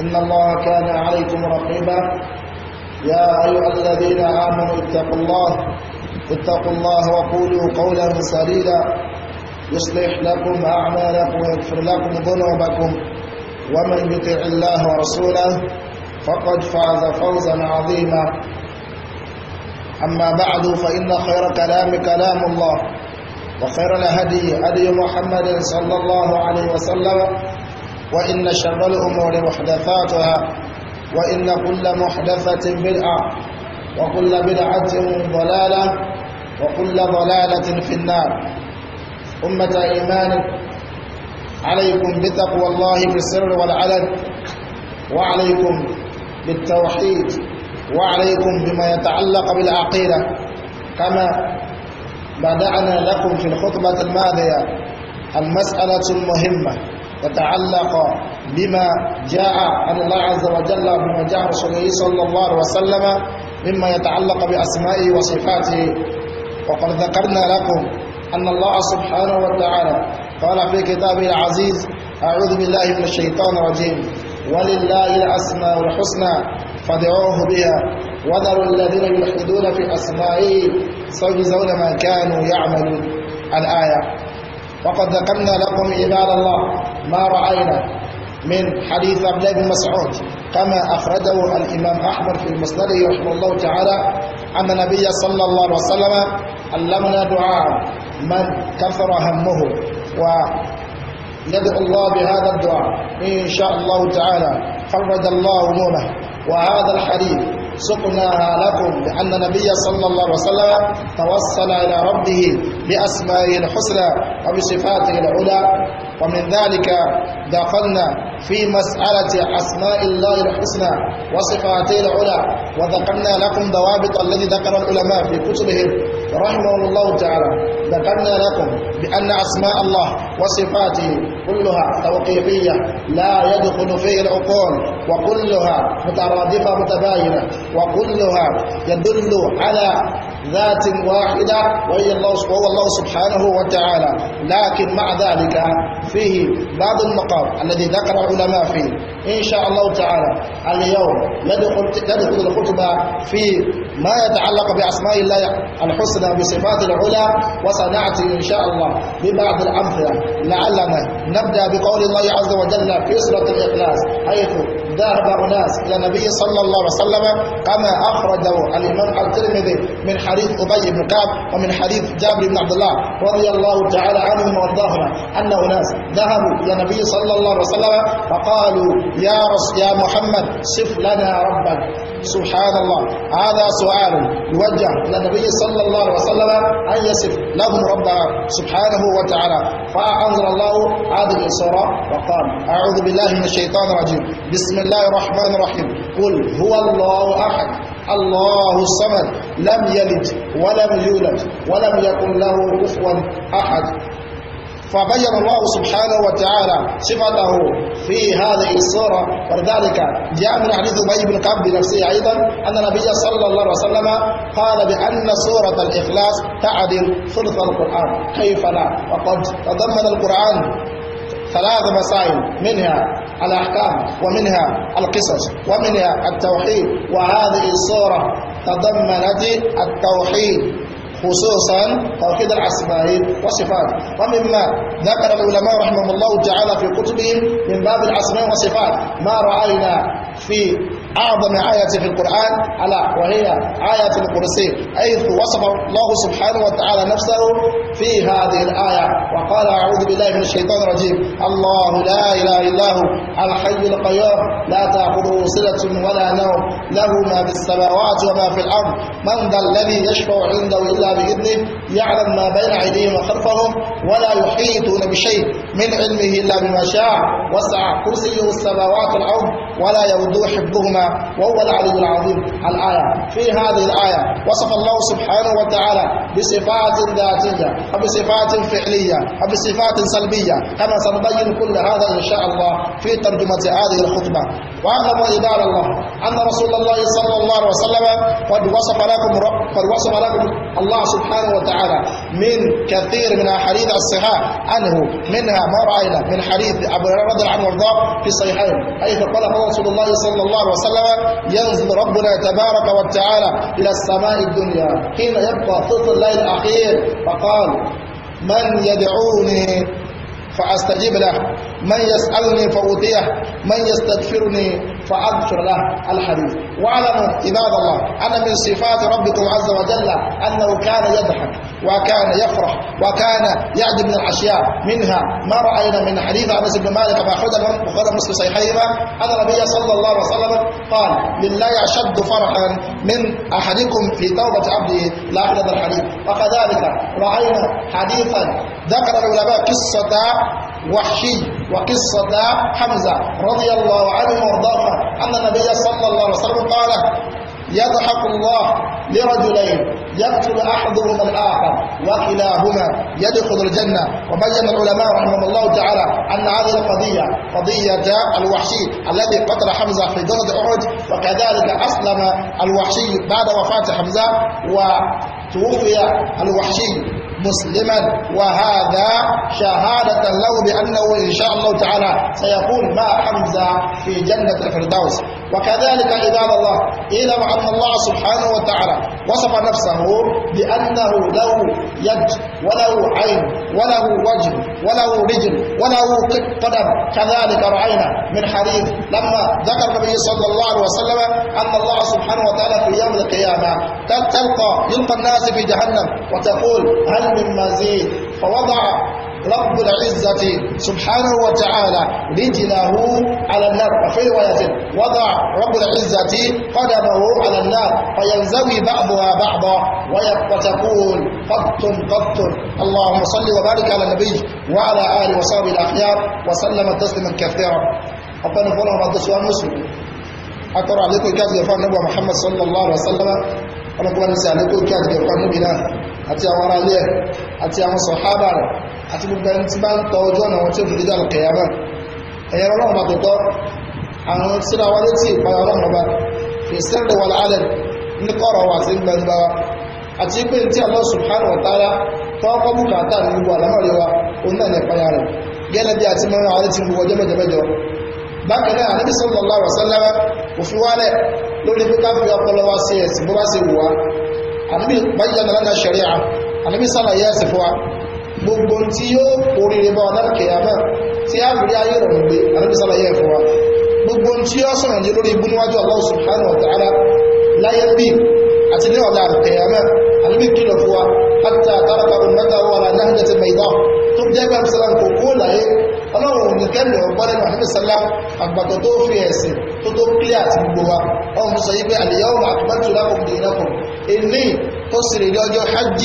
إن الله كان عليكم رقيبا يا أيها الذين آمنوا اتقوا الله اتقوا الله وقولوا قولا سديدا يصلح لكم أعمالكم ويغفر لكم ذنوبكم ومن يطع الله ورسوله فقد فاز فوزا عظيما أما بعد فإن خير كلام كلام الله وخير الهدي هدي محمد صلى الله عليه وسلم وإن شر الأمور محدثاتها وإن كل محدثة بدعة وكل بدعة ضلالة وكل ضلالة في النار أمة إيمان عليكم بتقوى الله في السر والعلن وعليكم بالتوحيد وعليكم بما يتعلق بالعقيدة كما بدأنا لكم في الخطبة الماضية المسألة المهمة وتعلق بما جاء عن الله عز وجل بما جاء رسوله صلى الله عليه وسلم مما يتعلق بأسمائه وصفاته وقد ذكرنا لكم أن الله سبحانه وتعالى قال في كتابه العزيز أعوذ بالله من الشيطان الرجيم ولله الأسماء الحسنى فادعوه بها وذروا الذين يلحدون في أسمائه سيجزون ما كانوا يعملون الآية وقد ذكرنا لكم عباد الله ما رأينا من حديث عبد الله بن مسعود كما أخرجه الإمام أحمد في المسند رحمه الله تعالى أن النبي صلى الله عليه وسلم علمنا دعاء من كثر همه ويدعو الله بهذا الدعاء إن شاء الله تعالى فرج الله همومه وهذا الحديث سقناها لكم لأن النبي صلى الله عليه وسلم توصل إلى ربه بأسمائه الحسنى وبصفاته العلى ومن ذلك دخلنا في مسألة أسماء الله الحسنى وصفاته العلى وذكرنا لكم ضوابط الذي ذكر العلماء في كتبهم رحمه الله تعالى ذكرنا لكم بأن أسماء الله وصفاته كلها توقيفية لا يدخل فيه العقول وكلها مترادفة متباينة وكلها يدل على ذات واحدة وهي الله وهو الله سبحانه وتعالى لكن مع ذلك فيه بعض النقاط الذي ذكره علماء فيه إن شاء الله تعالى اليوم ندخل الخطبة في ما يتعلق بأسماء الله الحسنى بصفات العلا وسنعطي إن شاء الله ببعض الأمثلة لعلنا نبدأ بقول الله عز وجل في سورة الإخلاص حيث ذهب أناس إلى النبي صلى الله عليه وسلم كما أخرجه الإمام الترمذي من حديث أبي بن كعب ومن حديث جابر بن عبد الله رضي الله تعالى عنهم وارضاهما أن أناس ذهبوا إلى النبي صلى الله عليه وسلم فقالوا يا رس يا محمد صف لنا ربك سبحان الله هذا سؤال يوجه إلى النبي صلى الله عليه وسلم أن يصف لهم ربها سبحانه وتعالى فأنزل الله هذه الصوره وقال أعوذ بالله من الشيطان الرجيم بسم الله الرحمن الرحيم قل هو الله أحد الله الصمد لم يلد ولم يولد ولم يكن له كفوا أحد فبين الله سبحانه وتعالى صفته في هذه الصورة ولذلك جاء من حديث أبي بن كعب بنفسه أيضا أن النبي صلى الله عليه وسلم قال بأن سورة الإخلاص تعدل ثلث القرآن كيف لا وقد تضمن القرآن ثلاث مسائل منها الأحكام ومنها القصص ومنها التوحيد وهذه الصورة تضمنت التوحيد خصوصا توحيد الأسماء والصفات ومما ذكر العلماء رحمهم الله تعالى في كتبهم من باب الأسماء والصفات ما رأينا في أعظم آية في القرآن على وهي آية الكرسي حيث وصف الله سبحانه وتعالى نفسه في هذه الآية وقال أعوذ بالله من الشيطان الرجيم الله لا إله إلا هو الحي القيوم لا تأخذه صلة ولا نوم له ما في السماوات وما في الأرض من ذا الذي يشفع عنده إلا بإذنه يعلم ما بين أيديهم وخلفهم ولا يحيطون بشيء من علمه إلا بما شاء وسع كرسيه السماوات والأرض ولا يود حفظهما وهو العلي العظيم الآية في هذه الآية وصف الله سبحانه وتعالى بصفات ذاتية وبصفات فعلية وبصفات سلبية كما سنبين كل هذا إن شاء الله في ترجمة هذه الخطبة واعلموا عباد الله أن رسول الله صلى الله عليه وسلم قد وصف لكم قد وصف لكم الله سبحانه وتعالى من كثير من أحاديث الصحاح عنه منها ما رأينا من حديث أبو هريرة رضي الله عنه وارضاه في الصحيحين حيث قال رسول الله صلى الله عليه وسلم ينزل ربنا تبارك وتعالى إلى السماء الدنيا حين يبقى ثلث الليل الأخير فقال من يدعوني فأستجيب له من يسألني فأوتيه من يستغفرني فأنشر له الحديث واعلموا عباد الله أن من صفات ربكم عز وجل أنه كان يضحك وكان يفرح وكان يعد من الأشياء منها ما رأينا من حديث أنس بن مالك ما أخرج البخاري مسلم صحيحيهما أن النبي صلى الله عليه وسلم قال لله أشد فرحا من أحدكم في توبة عبده لا أحد الحديث وكذلك رأينا حديثا ذكر العلماء قصة وحشي وقصة حمزة رضي الله عنه وارضاه أن النبي صلى الله عليه وسلم قال يضحك الله لرجلين يقتل أحدهما الآخر وكلاهما يدخل الجنة وبين العلماء رحمه الله تعالى أن هذه القضية قضية الوحشي الذي قتل حمزة في جنة أحد وكذلك أسلم الوحشي بعد وفاة حمزة و توفي الوحشي مسلما وهذا شهادة له بأنه إن شاء الله تعالى سيكون مع حمزة في جنة الفردوس وكذلك عباد الله إذا أن الله سبحانه وتعالى وصف نفسه بأنه له يد وله عين وله وجه وله رجل وله قدم كذلك رأينا من حديث لما ذكر النبي صلى الله عليه وسلم أن الله سبحانه وتعالى في يوم القيامة تلقى يلقى الناس في جهنم وتقول هل هل فوضع رب العزة سبحانه وتعالى رجله على النار في رواية وضع رب العزة قدمه على النار فينزوي بعضها بعضا وتقول قط قط اللهم صل وبارك على النبي وعلى آله وصحبه الأخيار وسلم تسليما كثيرا أبنى فلان رد سؤال مسلم أقرأ عليكم كاتب فان نبوة محمد صلى الله عليه وسلم ونقول أن سألكم كاتب فان نبينا àti àwọn ará ilé ẹ̀ àti àwọn sọ̀hábà rẹ̀ àti gbogbo ẹni tí bá ń tọ ojú ọ̀nà wọn tí ó fi dídá kẹyàmọ́ ẹ̀yẹ ọlọ́run bá tòótọ́ àwọn síra wa létí ìpayà ọlọ́run bá wà lálẹ́ ní kọ́rọ̀ wà sí wa àti pé tí ní gbogbo wa òun náà ní ìpayà rẹ̀ gẹ́lẹ́ bí ànábì báyìí lọ́nà ṣẹ̀ríà ànábì sàlàyé ẹ̀sìn fún wa gbogbo tí yóò oríire bá ọ̀nà kẹyàmọ́ tí a rí ayé rọrùn gbé ànábì sàlàyé ẹ̀ fún wa gbogbo tí yóò sọ̀rọ̀ ní lórí ibú níwájú Allah subhanahu wa ta'ala láyé bí àti ní ọ̀la kẹyàmọ́ ànábì kìlọ̀ fún wa hatta taraka ummatahu ala nahjatin bayda tó jẹ́ gbàgbé sàlàn ọlọ́run òní kẹ́lẹ̀ ọgbọ́n lẹ́nu àfihàn sálá àgbàtọ̀ tó fi ẹ̀sìn tó tó kílẹ̀ àti gbogbo wa ọmọ sọ yí pé àlèyàwó àtúbàtò lákòókò ìrìnàkùn ilé tó sì rí ọjọ́ hajj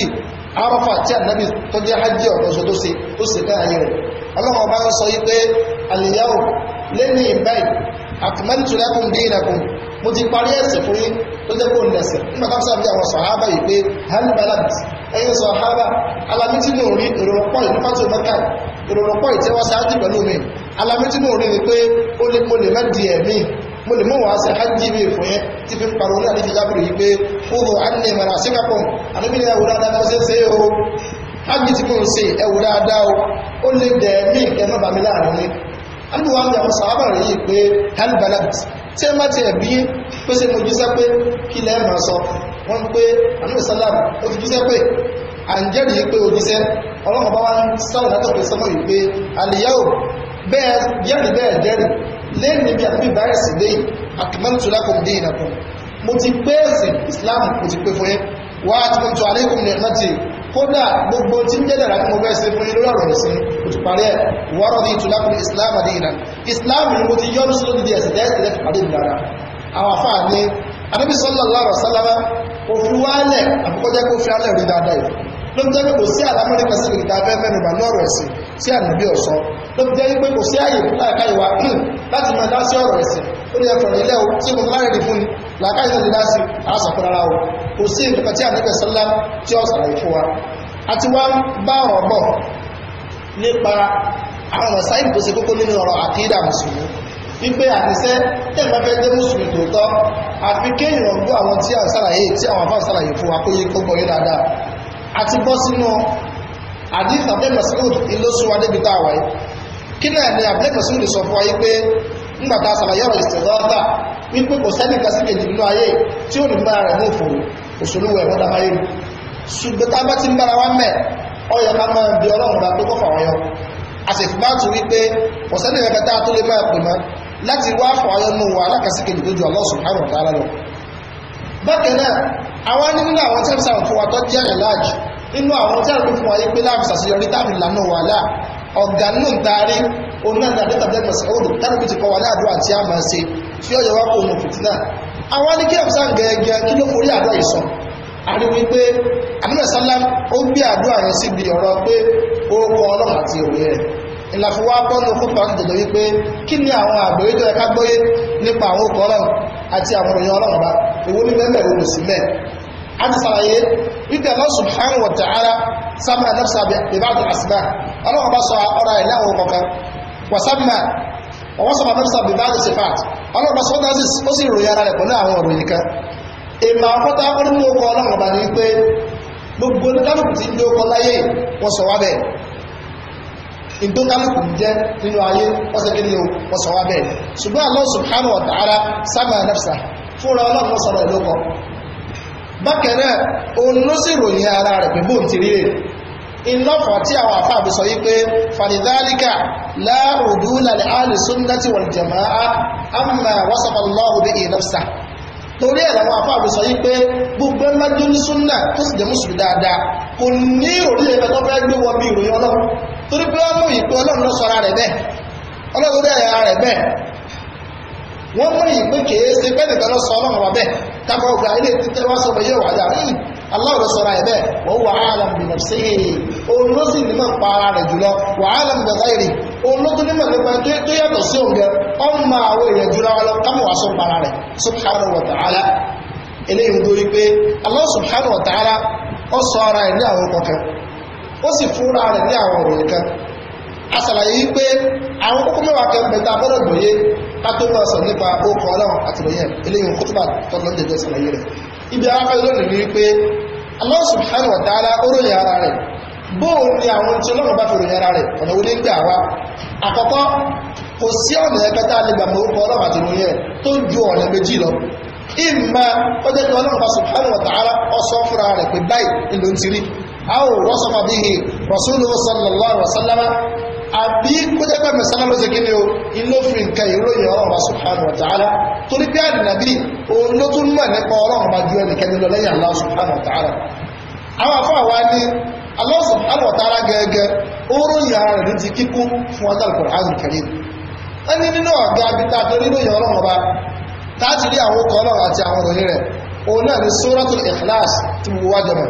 arafa tí ànábì tó jẹ́ hajj ọ̀dọ́sọ tó sì tó sì ká ayé rẹ̀ ọlọ́run bá ń sọ yí pé àlèyàwó lẹ́nu ìbáyìí àtúbàtò lákòókò ìrìnàkùn mo ti parí ẹ̀sìn fún yín tó jẹ́ kó ń nígbà tó sábẹ́ àwọn sàhábà yìí pé hanbalat ẹ̀yin sàhábà alamí rí èrò pọ̀ ìlú pátó mẹ́kà ìrọ̀rọ̀pọ̀ ìtẹ́wọ́ sáájú pẹ̀lú mi alamítí mò ń rí ni pé ó lè mo lè mẹ́dìí ẹ̀mí mo lè mú wàá sí hajj mi fún yẹn tí fi ń parọ́ ní àdíjì jábìrì yìí pé fúnrọ̀ á ní ìmọ̀ràn síkàpọ̀ àbíbí ni ẹwù dáadáa mọ́ sẹ́sẹ́ o hajj tí mo ń ṣe ẹwù dáadáa o ó lè dẹ̀ mí ìkẹ́ mọ́ bàmí láàrin mi àbí wàá mi àwọn sàábà rẹ̀ yìí pé halbalat tí ẹ má ti ẹ̀bí pé ṣe mo jíṣẹ́ pé kí lẹ́ẹ̀ máa sọ wọ́n pé àmì ìsàlámù ó ti jíṣẹ́ pé à ń jẹ́rìí pé oníṣẹ́ ọlọ́run bá wá ń sáré látọ̀kẹ́ sọ́mọ́ yìí pé àlìyáwó bẹ́ẹ̀ jẹ́rìí bẹ́ẹ̀ jẹ́rìí lẹ́yìn níbi àbí báyìí sì dé àkìmọ́ntù Islam mo ti pé fún yín wá àti mo tún àlékún ní ẹ̀rọ ti kódà gbogbo tí ń jẹ́dàrà fún ọgbẹ́ sí fún ilórí ọ̀rọ̀ sí òtùparí Islam àdínà Islam ni mo ti yọ́ ní sọ́lọ́dí ẹ̀sìn lẹ́sìn lẹ́fì pàdé ìdára àwọn àfáà ní anábì sallallahu alaihi wasallam kò fi wálẹ̀ àkókò jẹ́ kó fi alẹ́ rí dáadáa yìí ló fi jẹ́ pé kò sí àlámọ́rí kan sí ìgbà abẹ́ mẹ́rinba lọ́rọ̀ ẹ̀sìn sí ànábì ọ̀sọ́ ló fi jẹ́ pé kò sí ààyè fún làákàyè wa láti máa dá sí ọ̀rọ̀ ẹ̀sìn ó ní ẹ̀fọ̀rọ̀ ilé o tí mo láre ní fún ni làákàyè náà lè dá sí àásọ̀kọ́ rárá o kò sí nǹkan tí ànábì sọ́lá tí ó sàlàyé fún wa àti wá bá ọ̀rọ̀ bọ̀ nípa àwọn sáyìn tó ṣe kókó nínú ọ̀rọ̀ àkídà mùsùlùmí wípé àníṣẹ́ tẹ́ẹ̀mọ́ fẹ́ dé mùsùlùmí tòótọ́ àfi kéèyàn gbọ́ àwọn tí àwọn sàlàyé tí àwọn afáà sàlàyé fún wa kó yé kó gbọ́ àti bọ́ sínú àdíf Abdul Mas'ud ìlóṣùwà débi tá a wáyé kí ni sọ fún wa yí pé ńgbàtà sàlàyé ọ̀rọ̀ wípé kò sẹ́ni kan kejì nínú ayé tí ó ní bára rẹ̀ mú òfòrò òṣèlúwẹ̀ ẹ̀wọ́n dáma ṣùgbọ́n tá a bá ti ń bára wa mẹ́ ọyọ ká ọlọ́run ra kọ́fà wáyọ kò sẹ́ni tó lè máa bákan náà àwọn nínú àwọn tí ẹ̀rọ fún wa tó jẹ́ rẹ̀ láàjù nínú àwọn tí ẹ̀rọ fún wa yé pé láàbù sàṣeyọrí táàbù ìlànà wà láà ọ̀gá nínú ìtaari òun náà ní àdébàdé mọ̀sáwòdù tánàbí ti kọ́ wa láàdúrà àti àmà ṣe tí ó yẹ wá kó òun fìtínà àwọn ní kí ẹ̀fúsà gẹ̀ẹ́gẹ́ kí ló forí àdúrà yìí sọ àríwí pé àmì ìlàfíwá bọ́ọ̀lù fún pàtàkì wípé kí ni àwọn àgbèrè tó yẹ ká gbóyé nípa àwọn orúkọ ọlọ́run àti àwọn òyìn ọlọ́run bá owó ní mẹ́mẹ́ òun sí mẹ́ a ti sàlàyé wípé Allah subhanahu wa ta'ala sábà àsìmá ọlọ́run bá sọ ọ̀rọ̀ ẹ̀ láwọn wà ọwọ́ ọlọ́run bá sọ ó sì ròyìn ìdókálùkù jẹ́ nínú ayé wọ́sẹ̀kẹ́ ni ó sọ wá bẹ́ẹ̀ ṣùgbọ́n Allah subhanahu wa ta'ala sábà nafsa fúnra ọlọ́run sọ̀rọ̀ ìlókọ̀ bákẹ̀rẹ̀ òun ló sì ròyìn ara rẹ̀ pé bóun ti ríre ìlọ́fọ̀ tí àwọn àfáàbí sọ yí pé fàdídálíkà láàrùdú lálẹ́ alìsúnnàtí wal jama'a amma wasafa Allahu bihi nafsa torí ẹ̀ làwọn àfáàbí sọ yí pé gbogbo ẹgbẹ́ jónísúnnà tó sì jẹ́ mùsùlùmí dáadáa kò ní ìròyìn ẹgbẹ́ tó fẹ́ gbé wọn bí ìròyìn ọlọ́run torí pé wọ́n mú ìpé ọlọ́run ló sọra rẹ̀ bẹ́ẹ̀ ọlọ́run bẹ́ẹ̀ ara rẹ̀ bẹ́ẹ̀ wọ́n mú ìpé kìí ṣe pé nìkan ló sọ ọlọ́run bẹ́ẹ̀ kápá ọgbà ilé títẹ́ wá sọ pé yóò wà dà ní aláwọ̀ ló sọra rẹ̀ bẹ́ẹ̀ wọ́n wà á làm bìnà sí i òun ló sì nímọ̀ pa ara rẹ̀ jùlọ wà á làm bẹ̀rẹ̀ rẹ̀ òun ló tún nímọ̀ nípa tó yàtọ̀ sí òun gẹ ọmọ ó sì fúnra rẹ̀ ní àwọn ìròyìn kan a ṣàlàyé wípé àwọn kókó mẹ́wàá kan bẹ̀ta gbọ́dọ̀ gbòye ká tó máa sọ nípa okọ̀ ọlọ́run àti ìròyìn eléyìí kó tó bá tọ́lọ́ jẹjẹ ṣàlàyé rẹ̀ ibi aráfẹ́ lónìí ni wípé Allah subhanahu wa ta'ala ó ròyìn ara rẹ̀ bóò ni àwọn tí ọlọ́run bá fi ròyìn ara rẹ̀ ọ̀nà orí ń gbà wá àkọ́kọ́ kò sí ọ̀nà ẹ̀kẹta lè gbàgbọ́ orúkọ ọlọ́run àti tó ju aw wasafa bihi rasuluhu sallallahu alaihi wa sallam àbí kó jẹ́ pé mẹ́sánà ló ṣe kí ni o ilé òfin nǹkan ìròyìn ọlọ́run bá subhanahu wa ta'ala torí pé àdìnàbí òun ló tún mọ̀ nípa ọlọ́run bá ju ẹnikẹ́ni lọ lẹ́yìn Allah subhanahu wa ta'ala àwọn afọ àwa ni Allah subhanahu wa ta'ala gẹ́gẹ́ ó ara rẹ̀ ní ti kíkún fún ọjọ́ al-Qur'an al ẹni nínú ọ̀gá abita torí ròyìn ọlọ́run ọba táàtì rí àwọn ọkọ̀ àti àwọn òròyìn rẹ̀ òun náà ni Suratul Ikhlas tí gbogbo wájọ mọ̀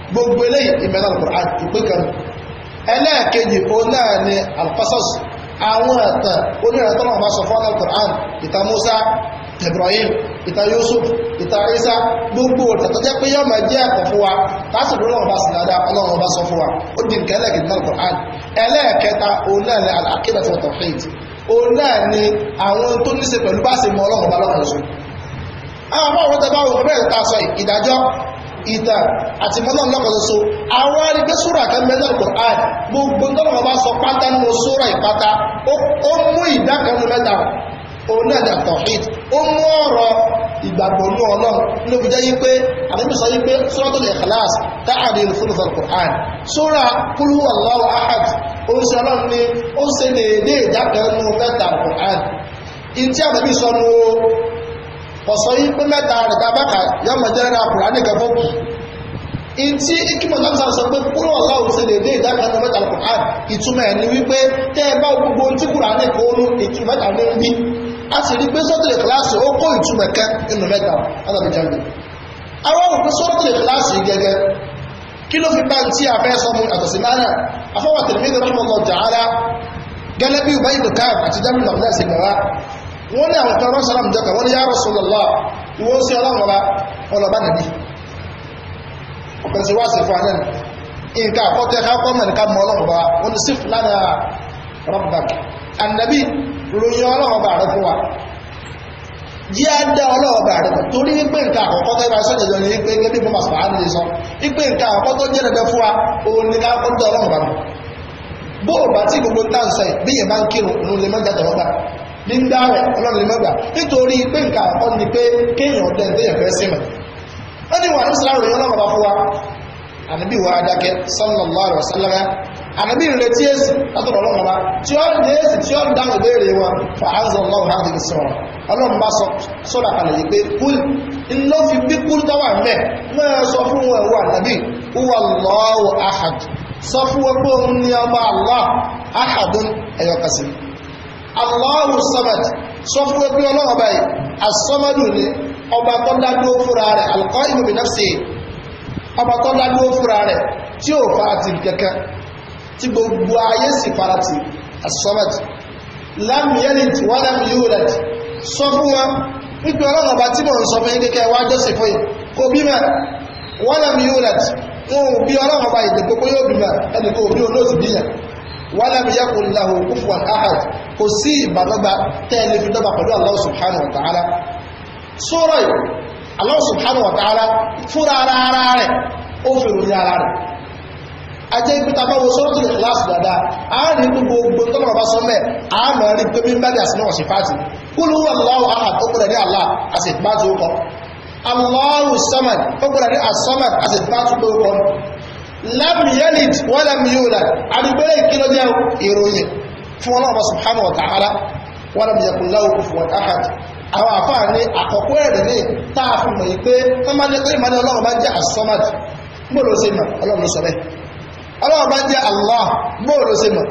gbogbo eléyìí ìmẹ́nà alukur'an ìpín kan ẹlẹ́ẹ̀kejì òun náà ni alqasas àwọn ẹ̀tàn onírẹ̀tọ́ náà máa sọ fún alukur'an ìta musa ibrahim ìta yusuf ìta isa gbogbo ọ̀tọ̀ tó jẹ́ pé yọ́ máa jẹ́ ẹ̀kọ́ fún wa láti lọ́nà ọba sì dáadáa ọlọ́run ọba sọ fún wa ó di nǹkan ẹlẹ́ẹ̀kejì náà alukur'an ẹlẹ́ẹ̀kẹta òun náà ni al-aqidatu wa tawhid òun náà ni àwọn tó ní ṣe pẹ̀lú bá ṣe mọ ọlọ́run ọba lọ́kàn ìdá àti mọ́nà lọ́kọ̀ soso àwọn arígbé súra kẹ́mẹ́lẹ́ Al-Qur'an gbogbo tọ́lọ́wọ́ bá sọ pátá nínú súra ìpátá ó mú ìdá kẹ́nu mẹ́ta òun náà dà tọ̀hìd ó mú ọ̀rọ̀ ìgbàgbọ́ ní ọlọ́run ló fi jẹ́ yí pé àdébí sọ yí pé Suratul Ikhlas táàdì ìfúnnufẹ́ Al-Qur'an súra Qul huwallahu ahad òun sí ọlọ́run ni ó ṣe lè dé ìdá kẹ́nu mẹ́ta Al-Qur'an ìtí àdébí sọ nu ọ̀sọ̀ yìí pé mẹ́ta rẹ̀ tábàkà yọ mọ̀ jẹ́ ra kùránì kan fún in tí ikimo lọ́sà sọ pé kúrò ọ̀láwọ̀ sí lè dé ìdákanná mẹ́ta kùrán ah, ìtumọ̀ ẹ̀ ni wípé tẹ́ ẹ bá gbogbo tí kùránì kó nú ìtumọ̀ mẹ́ta ní bí a sì rí pé sọ́tìlẹ̀ kíláàsì ó kó ìtumọ̀ kẹ́ nínú mẹ́ta alábìjáde àwọn òpin sọ́tìlẹ̀ kíláàsì gẹ́gẹ́ kí ló fi bá ń tí wọ́n ní àwọn kan rọ́sàlám jọkà wọ́n ní yá Rasulullah ìwọ́n sí ọlọ́run ọba ọlọ́ba nàbí ọ̀pẹ̀sẹ̀ wá sí fún anẹ́nu nǹkan àkọ́tẹ́ káàkọ́ mọ̀ nǹkan mọ́ ọlọ́run ọba wọ́n ní sí fúlànà rabbak ànàbí ròyìn ọlọ́run ọba rẹ̀ fún wa jí á dá ọlọ́run ọba rẹ̀ fún torí wípé nǹkan àkọ́kọ́ tó yẹ máa sọ́jọ́ ní wípé gẹ́gẹ́ bí mo máa sọ̀rọ̀ àdìyẹ sọ wípé nǹkan àkọ́kọ́ tó jẹ́ dandan fún wa òun ni káàkọ́ tí gbogbo táǹsà yìí bá ń kírun òun lè má ń dàtọ̀ bí ń dáwẹ̀ ọlọ́run lè mọ́gbà nítorí pé nǹkan àkọ́ ni pé kéèyàn ọdẹ ìdẹ́yẹ̀ fẹ́ sí mọ̀ wọ́n ti wà ní sàárò yẹn ọlọ́run bá fún wa ànábì wa adákẹ́ sallallahu alaihi wasallam ànábì ń retí èsì látọ̀dọ̀ ọlọ́run bá tí ó ní èsì tí ó ń dáhùn ìbéèrè wọn fa anzalallahu hadhihi as-sura ọlọ́run bá sọ sọ́dà kalẹ̀ yìí pé kúl iná fi bí kúl tó mẹ́ mẹ́ẹ̀ sọ fún Allahu samad sọ fún ẹgbẹ́ báyìí asọ́mọdù ni ọba tó dádúró fúnra rẹ̀ alùkọ́ ìlú mi náfṣe ọba tó tí ò farati kankan tí gbogbo ayé sì farati lam yalid wa lam yulad sọ fún wọn wípé ọlọ́wọ́ bá tí mò ń sọ fún yín kékeré fún walam yakun lahu kufuwan ahad kò sí ìbàdọ́gba tẹ́lẹ̀ fi dọ́gba pẹ̀lú Allah subhanahu wa ta'ala sura yìí Allah subhanahu wa ta'ala fúnra ara ara rẹ̀ ó fi ròyìn ara rẹ̀ ajẹ́ ìpítà bá wo suratul ikhlas dáadáa àárín gbogbo gbogbo tó lọ́rọ̀ bá sọ mẹ́ àmọ́ rí pé bí mbẹ́dẹ̀ ní Allah àti ìpátì lam yalid wa lam yulad àdúgbélé ìkílọ́ jẹ́ ìròyìn fún ọlọ́ọ̀bá subhanahu wa ta'ala wa lam yakun lahu kufuwan ahad àwọn àfáà ní àkọ́kọ́ ẹ̀rẹ̀ ní táà fún mọ̀ pé wọ́n máa ní pé ìmọ̀ ní ọlọ́run bá jẹ́ as-samad gbọ́dọ̀ sí mọ̀ ọlọ́run sọ bẹ́ẹ̀ ọlọ́run bá jẹ́ allah gbọ́dọ̀ sí mọ̀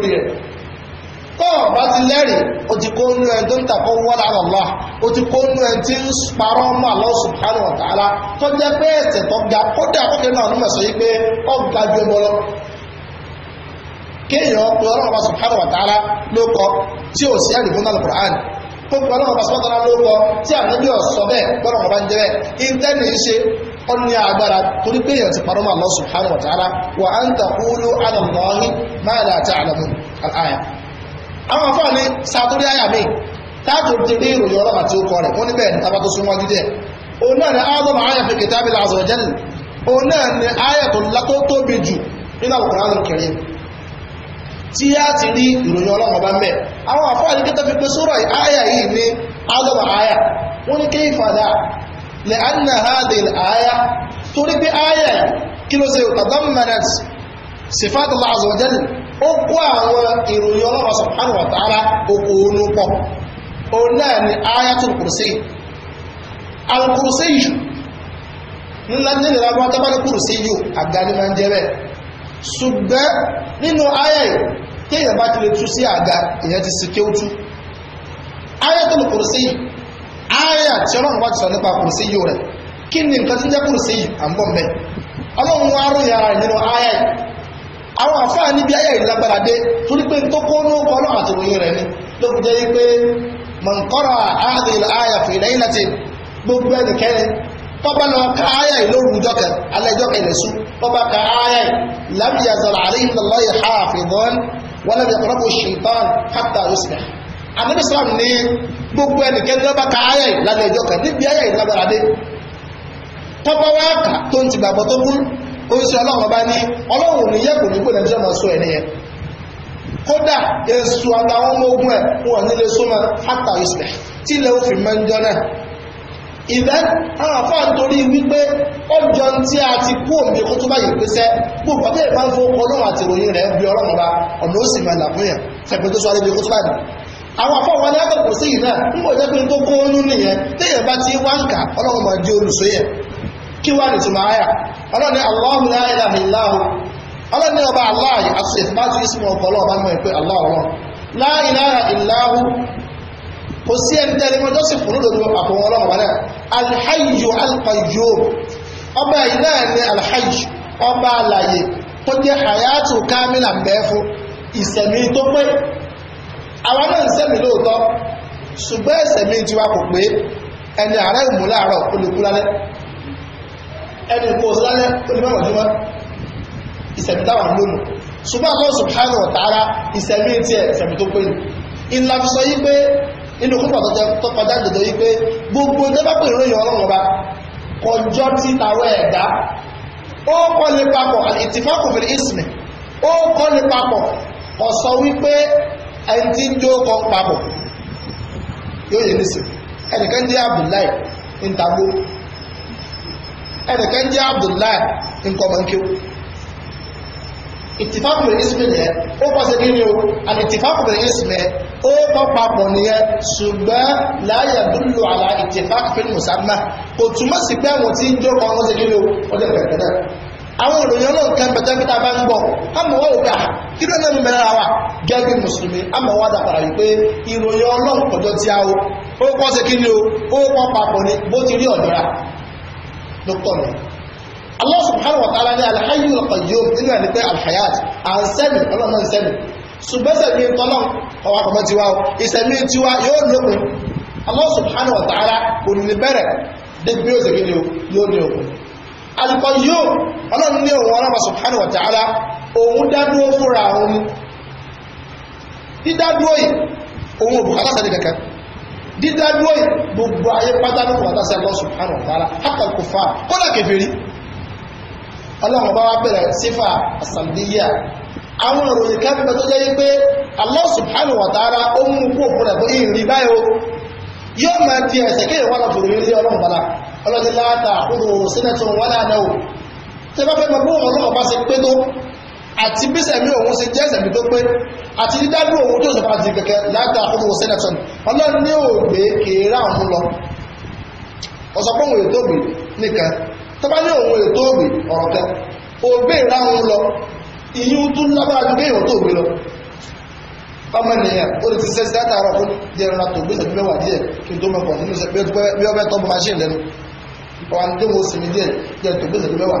ọlọ́run bá ti lẹ́rìí ó ti kó nú ẹni tó ń tàkọ́ wọ́lá Allah ó ti kó nú ẹni tí ń parọ́ mọ́ Allah subhanahu wa ta'ala tó jẹ́ pé ẹ̀sẹ̀ tó ga kódà kókè náà ló mẹ̀sọ̀ yìí pé ó ju ẹbọ lọ kéèyàn pe ọlọ́run bá subhanahu wa ta'ala ló kọ tí ò sí ẹ̀rí náà Al-Qur'an tó ọlọ́run bá subhanahu wa ló kọ tí ànábì ọ̀sọ́ bẹ́ẹ̀ gbọ́dọ̀ bá ń jẹ́ bẹ́ẹ̀ ìtẹ́ni ṣe ó ní agbára torí pé èèyàn ti parọ́ mọ́ Allah subhanahu wa ta'ala wa an taqulu ala Allahi ma la ta'lamun al-aya àwọn afọ́ ni sàtórí àyà mi táàtò ti rí ìròyìn ọlọ́run àti okọ rẹ̀ wọ́n níbẹ̀ nípa tó súnmọ́ jíjẹ́ òun náà ni áàzọ́mù àyà fi kìtàbí làzọ̀jẹ́lì òun náà ni àyà tó tóbi jù nínú Al-Qur'an Al-Karim tí a ti rí ìròyìn ọlọ́run ọba mẹ́ àwọn afọ́ àti kẹta fi pé sórọ̀ àyà yìí ní áàzọ́mù àyà wọ́n ní kéyì fàdà lẹ́ anna hadi àyà torí pé àyà kí ló ṣe òtàdánmẹ́rẹ́t sifatul azọ̀jẹ́lì ó kó àwọn ìròyìn ọlọ́run subhanahu wa ta'ala oko onú ni kursi alukursi yìí ńlá kursi yìí àga ni na ń jẹ́ bẹ́ẹ̀ ṣùgbọ́n nínú aya yìí téèyàn bá ti lè tú sí àga ti kursi tụrụ aya ti àwọn àfáà níbi ayé ìlágbára dé torí pé tó kó ní ọkọ̀ náà àtòròyìn rẹ̀ ni ló fi jẹ́ pé mọ̀nkọ́rọ̀ àádìí àyà fún ilẹ̀ ìlàtì gbogbo ẹnikẹ́ni tọ́ba lọ ka àyà ìlóru ìjọkẹ̀ alẹ́ ìjọkẹ̀ ilẹ̀ sùn tọ́ba ka àyà lábìyà zọ̀rọ̀ àlẹ́ ìlọ́lọ́ ìhà àfihàn wọn lẹ́bi ọ̀pọ̀lọpọ̀ ṣìntàn hàtà yusuf àmì sàm ní gbogbo ẹnikẹ́ni tọ́ba ka ó ń ṣe ọlọ́run bá ní ọlọ́run ní yẹ́kùn ní pèlè tí ọmọ sọ ẹ̀ kódà ọmọ ogun ẹ wọn nílé súnmọ́ tí ilẹ̀ òfin máa ń jọ náà ìbẹ́ àwọn wípé ọjọ́ a ti kú òmí kó tó báyìí pèsè gbogbo ń ọlọ́run àti ìròyìn rẹ̀ bí ọlọ́run ọ̀nà ó sì máa là fún fẹ̀pẹ́ tó sọ alẹ́ bí kó tó báyìí àwọn sí yìí náà ń bọ̀ jẹ́ pé tó kó nìyẹn téèyàn bá ti wá kí wá ní túnmọ̀ àyà ọlọ́ni Allahu la ilaha illa hu ọlọ́ni ọba aláàyè àti ìfipájú ìsinmi ọ̀pọ̀lọ́ ọba mọ̀ pé aláàlọ́ la ilaha illa hu kò sí ẹni tẹ́lẹ̀ mọ́ jọ́sìn fún lòdò àfọwọ́ ọlọ́run wà náà alhayyu alqayyum ọba yìí náà ni alhayyu ọba alàyè tó jẹ́ hayatu kamila bẹ́ẹ̀ ẹni kó o sílálẹ́ onímọ̀wọ̀dúnmọ́ ìsẹ̀mí táwà lónìí ṣùgbọ́n Allah subhanahu wa ta'ala ìsẹ̀mí tí ẹ̀ ìsẹ̀mí tó pé ní ìlà fi sọ yí pé inú kúrò tó kọjá dòdò yí pé gbogbo débà pé ìròyìn ọlọ́run ọba kọjọ́ tí tàwọn ẹ̀dá ó kọ́ lè papọ̀ ìtìfọ́kù fil ismi ó kọ́ lè papọ̀ ọ̀sọ̀ wípé ẹni tí ń jó kọ́ papọ̀ yóò yẹ nísìn ẹnìkan jẹ́ Abdullahi ń tagbó ẹnìkan jẹ́ abdullahi nke ìtìfáàkù bẹ̀rẹ̀ nke nìyẹn ó pàṣẹ kí ni o àti ìtìfáàkù bẹ̀rẹ̀ ismi ó kọ́ papọ̀ nìyẹn ṣùgbọ́n láyé dúró àlà fún musamman kò túmọ̀ sí pé àwọn tí ń ṣe kí ni o ó lè bẹ̀rẹ̀ náà àwọn ìròyìn bá ń òkà kí ló wa gẹ́gẹ́ mùsùlùmí dàpàrà ìròyìn o ó kọ́ ṣe kí ni o ó kọ́ papọ̀ ni bó ti rí ọ̀dọ́ra dókítọ̀ ni Allah subhanahu wa ta'ala ní alhayyul qayyum nínú ẹni pé alhayat à ń sẹ́mi ọlọ́mọ ń sẹ́mi ṣùgbẹ́sẹ̀ mi tọ́lọ́ ọwọ́ àkọ́mọ́ tiwa ìsẹ̀mí tiwa yóò lókun Allah subhanahu wa ta'ala kò ní bẹ̀rẹ̀ débi ó sèké ni yóò ní òkun alqayyum ọlọ́run ní òun ọlọ́mọ subhanahu wa dádúró fúnra òun dídádúró yìí òun ò bùkátà sẹ́ni dídádúró yìí gbogbo ayé pátá ló wà sí Allah subhanahu wa ta'ala hatta al-kuffar kódà kèfèrí ọlọ́run bá wá bẹ̀rẹ̀ sífà àsàlùdíyà àwọn ìròyìn kẹ́bẹ̀ẹ́ tó jẹ́ pé Allah subhanahu wa ta'ala ó mú kú òkú rẹ̀ bó ìrìn báyìí yóò máa di ẹ̀sẹ̀ kéèyàn wà lọ́pọ̀ òròyìn lé ọlọ́run bala ọlọ́dẹ láta àkúrò sínẹ̀tún wà láàánú tẹ bá fẹ́ mọ bó ọlọ́run ṣe pé tó àti bísẹ̀mí òun ṣe jẹ́ ìsẹ̀mí tó pé àti dídádú òun tó sọ̀rọ̀ àti kẹ̀kẹ́ látà fúnwò sẹ́nẹ̀tọ̀n ọlọ́run ní òògbé kèèrà òun lọ ọ̀sọ̀pọ̀ òun ètò òbí nìkan tó bá ní òun ètò òbí ọ̀rọ̀ kan òògbé ìrà òun lọ ìyún tún lábára ju kéèyàn tó òbí lọ ọmọ ènìyàn ó lè ti ṣe sí látàárọ fún jẹrìnà tó gbé ìṣẹ́jú mẹ́wàá díẹ̀ kí n tó mẹ́kọ̀ọ́ nínú ìṣẹ́ bí tọ́ bọ́ máa ṣe ìlẹ́nu ọ̀hún tó mo sì mí díẹ̀ jẹ́ tó gbé ìṣẹ́jú mẹ́wàá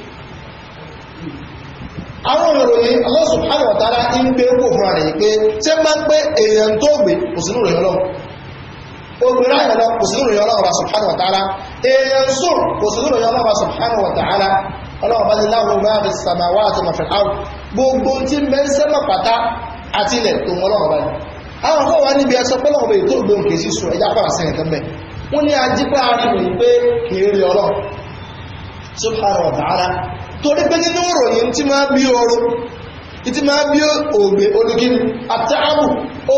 àwọn ìròyìn Allah subhanahu wa ta'ala ń gbé kò fún ààrẹ yìí pé tí máa ń pé èèyàn tó gbé òsìnú rẹ̀ ọlọ́run obìnrin àyàn lọ òsìnú rẹ̀ ọlọ́run bá subhanahu wa èèyàn sùn ọlọ́run ọlọ́run bá ní láwọn gbogbo tí ń bẹ ń pátá àti ilẹ̀ tó ọlọ́run àwọn fọwọ́ níbi torí pé nínú ìròyìn tí máa bí oorun ti máa bí ògbè olùgíní àtàrù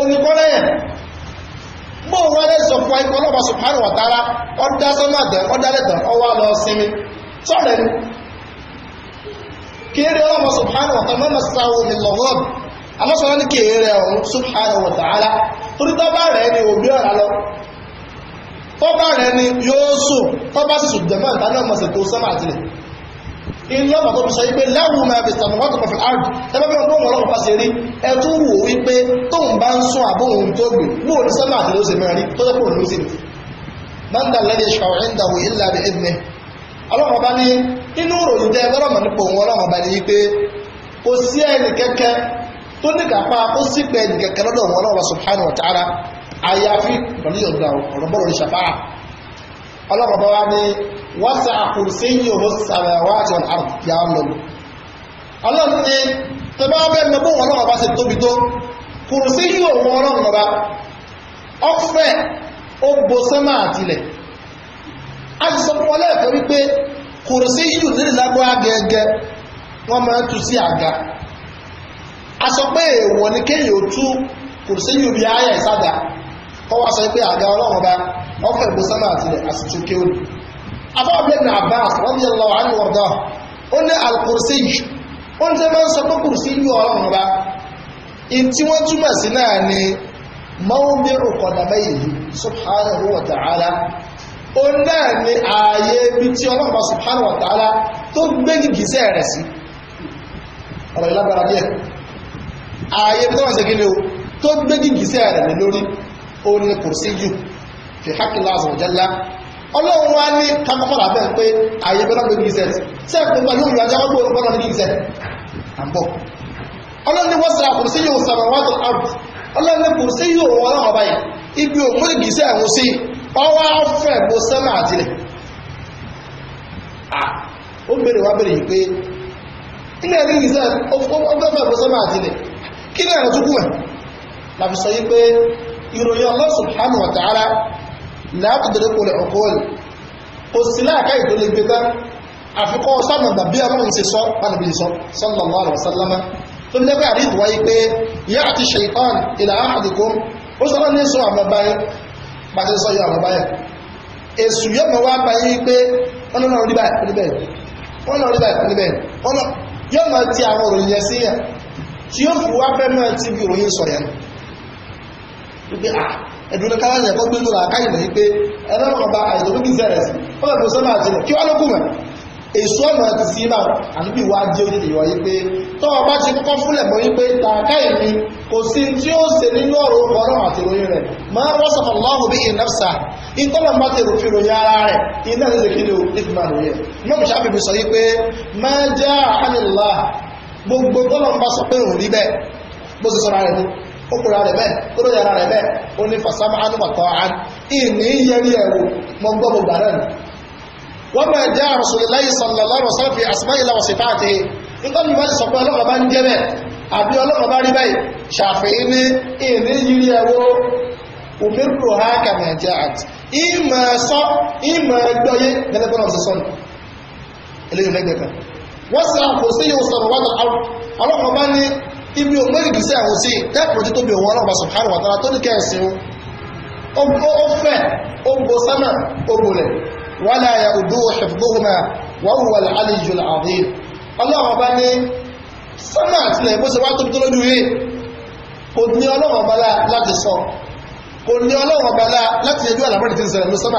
oníkọ́lẹ́yìn bó wọ́n lè sọ fún ikọ́ lọ́pàá subhanahu wa ara ọdá sọ́nà àtẹ ọdá lẹ́tàn lọ sinmi sọ́rẹ̀ ni kéré mọ́nà sáwọ́ mi lọ́wọ́ àmọ́sọ̀rọ̀ kéré ọ̀hún torí rẹ̀ ni òbí lọ rẹ̀ ni yóò sùn sì sùn ilé ọmọ tó fi sọ wípé láwù máa fi sàmù wọ́n tó pọ̀ fi àrùn ẹgbẹ́ bí ọdún ọlọ́pàá pàṣẹ rí ẹtú wò wípé tóun bá ń sún àbó ohun tó gbè bóò ní sẹ́mà àti lóṣè mẹ́rin tó dẹ́pọ̀ ní lóṣè máa ń dà lẹ́dí ṣàwọ̀ ẹ̀ ń dàwọ̀ ilẹ̀ àbẹ̀ ẹ̀dínẹ̀ ọlọ́pàá bá ní inú ròyìn jẹ́ ẹgbẹ́rọ̀mọ̀ nípa òun ọlọ́pàá bá ní wípé kò sí ẹnì kẹ́kẹ́ tó ní kápá ó sì pẹ́ ẹnì kẹ́kẹ́ lọ́dọ̀ wasa kursiyyuhu as-samawati wal ard ya Allah Allah ni te ba be mo bon Ọlọ́run ṣe tóbi tó kursiyyuhu Ọlọ́run bá ofe ó bo sama atile aji so ko le máa sí àga a sọ pé èèwọ̀ ni kéèyàn ó tú kùrùsíyù bí ayà ìsádà kọ́ wá sọ pé àga Ọlọ́run bá wọ́n afọ́bẹ̀ ibn abbas radiyallahu anhu warda ó ní alkùrsí jù ó ní tẹ́lẹ̀ sọ pé kùrsí jù ọlọ́run ọba in tí wọ́n túmọ̀ sí náà ni mawdi'u qadamayhi subhanahu wa ta'ala ó náà ni ààyè ibi tí ọlọ́run ọba subhanahu wa ta'ala tó gbé gìgísẹ̀ rẹ̀ sí ọ̀rọ̀ ìlágbára díẹ̀ ààyè ibi tó wọ́n ṣe kí ni o tó gbé gìgísẹ̀ rẹ̀ lórí ó ní kùrsí jù fi haqqi wa jalla ọlọ́run wá ní kakọ́kọ́lá bẹ́ẹ̀ pé àyè bẹ́ẹ̀ lọ́gbẹ̀ẹ́ gíṣẹ́ ṣe é gbogbo yóò yọ ajá wọ́n gbọ́dọ̀ gíṣẹ́ àbọ̀ ọlọ́run ní wọ́sẹ̀ yóò sàmà wá tún àrùt ọlọ́run ní yóò wọ́n ọba ibi òkú gíṣẹ́ ẹ̀hún sí ọwọ́ afẹ́ bó ó bèrè wá bèrè yìí pé ilé ẹ̀rí gíṣẹ́ bó kí ni tó kú ẹ̀ làbìsọ yìí pé ìròyìn láàbùdọ̀dọ̀kọ̀ ọ̀kọ́ ẹ̀ kò sí láàká ìtò lè gbé tán àfikọ́ sáàmù gbàbí ọlọ́run ti sọ pàdàbí sọ sallallahu alaihi wasallam tó ní lẹ́gbẹ́ àríwá wáyé pé yá àti shaitan ila ahadikum ó sọ́rọ́ ní sọ àmọ́ báyẹ̀ pàṣẹ sọ yọ àmọ́ báyẹ̀ èsù yóò mọ̀ wá báyé pé wọ́n lọ́nà orí báyìí oníbẹ̀ wọ́n lọ́nà orí báyìí oníbẹ̀ wọ́n yóò mọ̀ ti àwọn òròyìn yẹn sí yẹn tí yóò fi wá fẹ́ mọ̀ ti fi òròyìn sọ yẹn ah, ẹ̀dùn ní káwàá ẹ̀kọ́ gbé lóra akáyì mọ̀ wípé ẹlẹ́rùn ọba àìsàn sí ó bẹ̀rẹ̀ sọ́nà àti kí wọ́n ló kù èso ọ̀nà ti sí náà àníbì wá jẹ́ òjì ìwọ̀ pé tó bá ti kọ́kọ́ fúnlẹ̀ mọ́ wípé ni kò sí tí ó ṣe nínú ọ̀rọ̀ ọlọ́run àti ìròyìn rẹ̀ máa ń fọlọ́hùn bí ìnáfsà bá ti rò fi ròyìn ara rẹ̀ sọ máa jẹ́ ó pèrà rẹ̀ bẹ́ẹ̀ tó ló yẹra rẹ̀ bẹ́ẹ̀ ó ní fasama anúmọ̀tọ́ an ìní yẹrí ẹ̀wò mọ gbọ́ mo gbà náà wọ́n máa jẹ́ Rasulullahi sallallahu alaihi wasallam fi asma'ihi wa sifatihi nítorí wọ́n ti sọ pé ọlọ́run bá ń jẹ́ bẹ́ẹ̀ àbí ọlọ́run bá rí báyìí Shafi'i ní ìní yírí ẹ̀wò òmìnirò ha kàmì ẹ̀jẹ̀ àti ìmọ̀ ẹ̀sọ́ ìmọ̀ ẹgbọ́yé gẹ́gẹ́ náà ti sọ́nù eléyìí lẹ́gbẹ̀ẹ́ ibi ò mẹ́rin gbèsè àwọn sí tẹ́pùrọ̀jú tó bí òun ọlọ́ọ̀bà subhanahu wa ta'ala tó ní kẹ́ẹ̀sìn ó fẹ́ ó gbó sánà ó gbòlẹ̀ wà láyà òdó hifdhuhuma wa huwa al-'aliyyul 'azim ọlọ́ọ̀bà ní sánà àtìlẹ̀ bó ṣe wá tóbi tó lójú rí kò ní ọlọ́ọ̀bà láti sọ kò ní ọlọ́ọ̀bà láti yẹjú àlàmọ́rin tí ń ṣẹlẹ̀ ní sánà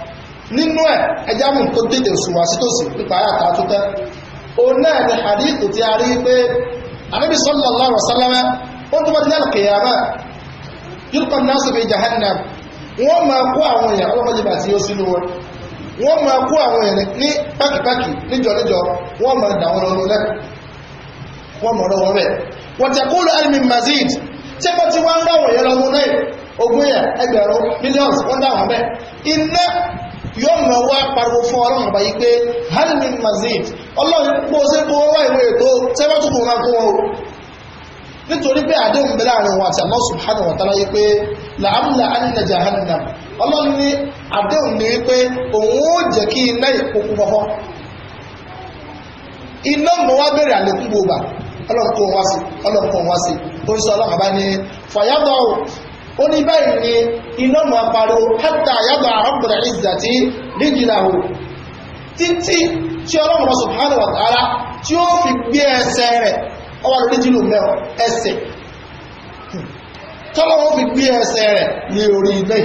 nínú ẹ̀ ẹjá mú tó tètè sùwà sítòsí nípa àyàtà àtútẹ́ òun náà ni hadith ti a rí pé anábì sallallahu alaihi wasallam ó tó bá ti lẹ́nu kìyàmá yúlùkọ́ náà sì fi jahannam wọ́n máa kó àwọn èèyàn sínú wọn wọ́n máa kó àwọn èèyàn ní pákìpákì níjọ níjọ wọ́n máa dà wọn lọ́nà lẹ́kọ̀ọ́ wọ́n mọ̀ lọ́wọ́ rẹ̀ wọ́n tẹ̀ kó lọ alimi mazid tí wọ́n ti wá ń náà ogún yẹn ẹgbẹ̀rún millions wọ́n bẹ́ẹ̀ iná yóò mọ̀ wá pariwo fún ọlọ́run ọba yìí pé halimin mazid ọlọ́run pọ́ sí pé ó wá ìwé ètò sẹ́fẹ́tùkù máa kún wọn o nítorí pé àdéhùn bẹ̀rẹ̀ àrùn wọn àti Allah subhanahu wa ta'ala pé ọlọ́run ní àdéhùn ní wípé òun ó jẹ́ kí iná fọ́fọ́ iná mọ̀ wá bẹ̀rẹ̀ àlékún gbogbo ọlọ́run ó ní báyìí ni iná mọ̀ pariwo hátà yàtọ̀ àrọ́pùdà ìzàtí líjìláhù títí tí ọlọ́run subhanahu wa ta'ala tí ó fi gbé ẹsẹ̀ rẹ̀ ọwà lórí jìlù mẹ́ ẹsẹ̀ tọ́lọ́run fi gbé ẹsẹ̀ rẹ̀ ní orí ilé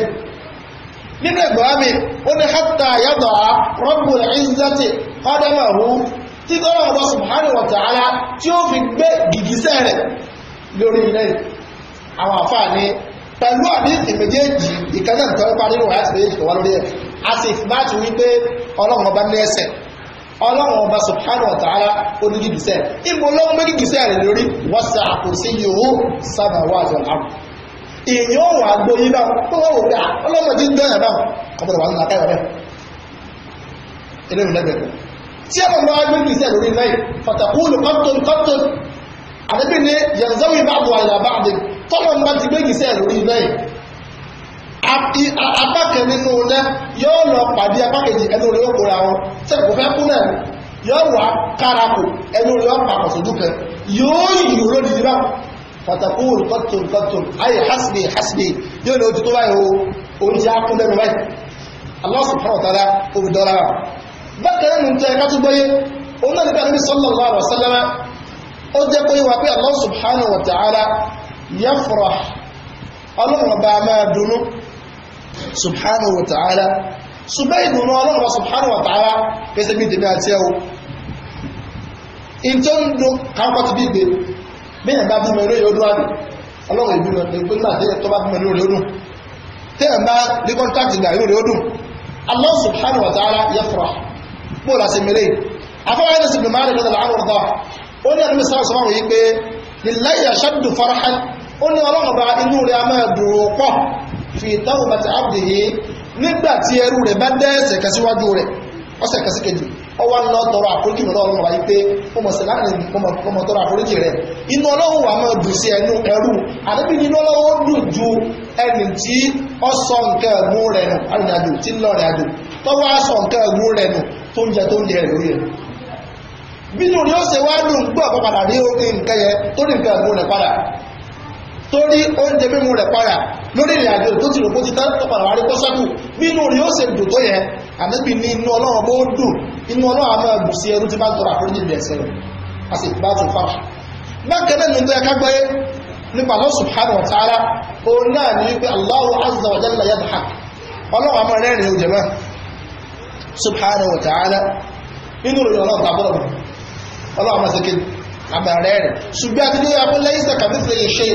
nínú ẹgbẹ̀rẹ́ mi ó ní hátà yàtọ̀ àrọ́pùdà ìzàtí ọdẹ́mọ̀hú tí tọ́lọ́run subhanahu wa ta'ala fi gbé gìgísẹ̀ rẹ̀ lórí pẹ̀lú àdíṣì méjèèjì ìkẹ́lẹ̀ tó ń parí nínú àyàtì méjèèjì tó wá lórí ẹ̀ a sì bá ti wí pé ọlọ́run ọba ní ẹsẹ̀ ọlọ́run ọba subhanahu wa ta'ala onígidìsẹ́ ìbò lọ́wọ́ méjìdìsẹ́ rẹ̀ lórí wọ́sà àkùnsí yòó sábà wà jọ àrùn èèyàn ò wà gbó yín náà tó wọ́n wò pé ọlọ́run ti ń bẹ̀rẹ̀ náà kọ́bọ̀dọ̀ wà nínú akáyọ̀ rẹ̀ ilé mi lẹ́gbẹ̀ẹ́ kọ́ tí ẹ tọ́lọ́n bá ti gbégbèsè lórí iná yìí apá kan nínú iná yóò lọ pàdé apá kejì ẹnu rẹ̀ yóò kóra wọn tẹ́ kò fẹ́ kú náà yóò wà kárakù ẹnu rẹ̀ yóò pàpọ̀ sójú kan yóò yìí lórí iná fatakul kọtun kọtun ayé hasbi hasbi yóò lọ ojú tó báyìí o oúnjẹ akúndẹ́nu báyìí Allah subhanahu wa ta'ala olùdọ́ra wa bákan nínú tẹ́ ká tó gbọ́yé òun náà nígbà níbi sallallahu alaihi wasallam ó jẹ́ pé wà pé Allah subhanahu wa ta'ala yafrah ọlọ́run ọba máa dùnnú subhanahu wa ta'ala ṣùgbọ́n ìdùnnú ọlọ́run ọba subhanahu wa ta'ala pèsè bí tèmi àti ẹ̀wọ̀ in tó ń dùn káńkọ́ ti bí ìgbé bí ẹ̀ bá bímọ eré yọdún àbí ọlọ́run ìbímọ ẹgbẹ́ náà tẹ́yẹ tó bá bímọ eré yọdún tẹ́yẹ bá ní kọ́ńtàkì gbà eré yọdún Allah subhanahu wa ta'ala yafrah bóòlù àti mẹ́rẹ́ afọ́wọ́n ẹni sì bímọ àrẹ̀ lọ́dọ̀ àwọn ọ̀dọ́ ó ní àdúgbò sáwọn sọ́wọ́n yìí pé lillahi ashaddu farhan ó ní ọlọ́run bá inú rẹ̀ a máa dùrò pọ̀ fi ìtọ́wò bàtà abdihi nígbà tí ẹrú rẹ̀ bá dẹ́ ẹsẹ̀ rẹ̀ ọsẹ̀ kan sí kejì ọwọ́ ńlọ àforíjì lọ́dọ̀ ọlọ́run bá pé ó mọ̀ sí láàrin ọmọ àforíjì rẹ̀ inú ọlọ́run wà máa dùn sí ẹnu ẹrú àdébí inú ọlọ́run dùn ju ẹni tí sọ nǹkan ẹ̀gbọ́n rẹ̀ nù arìnrìnàjò torí oúnjẹ mímú rẹ̀ padà lórí ìrìn àjò tó ti rògbó ti tán tó padà wárí kọ́sẹ́kù nínú rí ó ṣe dùn tó yẹ ànábì ní inú ọlọ́run bó dùn inú ọlọ́run àmọ́ ẹ̀bùn sí ẹrú tí bá tọrọ àforíjì ìbẹ̀ ẹ̀sẹ̀ rẹ̀ a sì bá tún fà bákan náà ní tó yẹ nípa Allah subhanahu wa ta'ala òun náà ní wípé Allahu azza wa jalla yadhak ọlọ́run àmọ́ rẹ́rìn òjò mọ́ subhanahu wa ta'ala nínú ìròyìn ọlọ́run tàbọ̀rọ̀ ọlọ́run àmọ́ sẹ́kẹ̀ẹ́ àbàrẹ́ rẹ̀ ṣùgbọ́n àti ní abúlé lẹ́yìn sàkàbí ti lè ṣe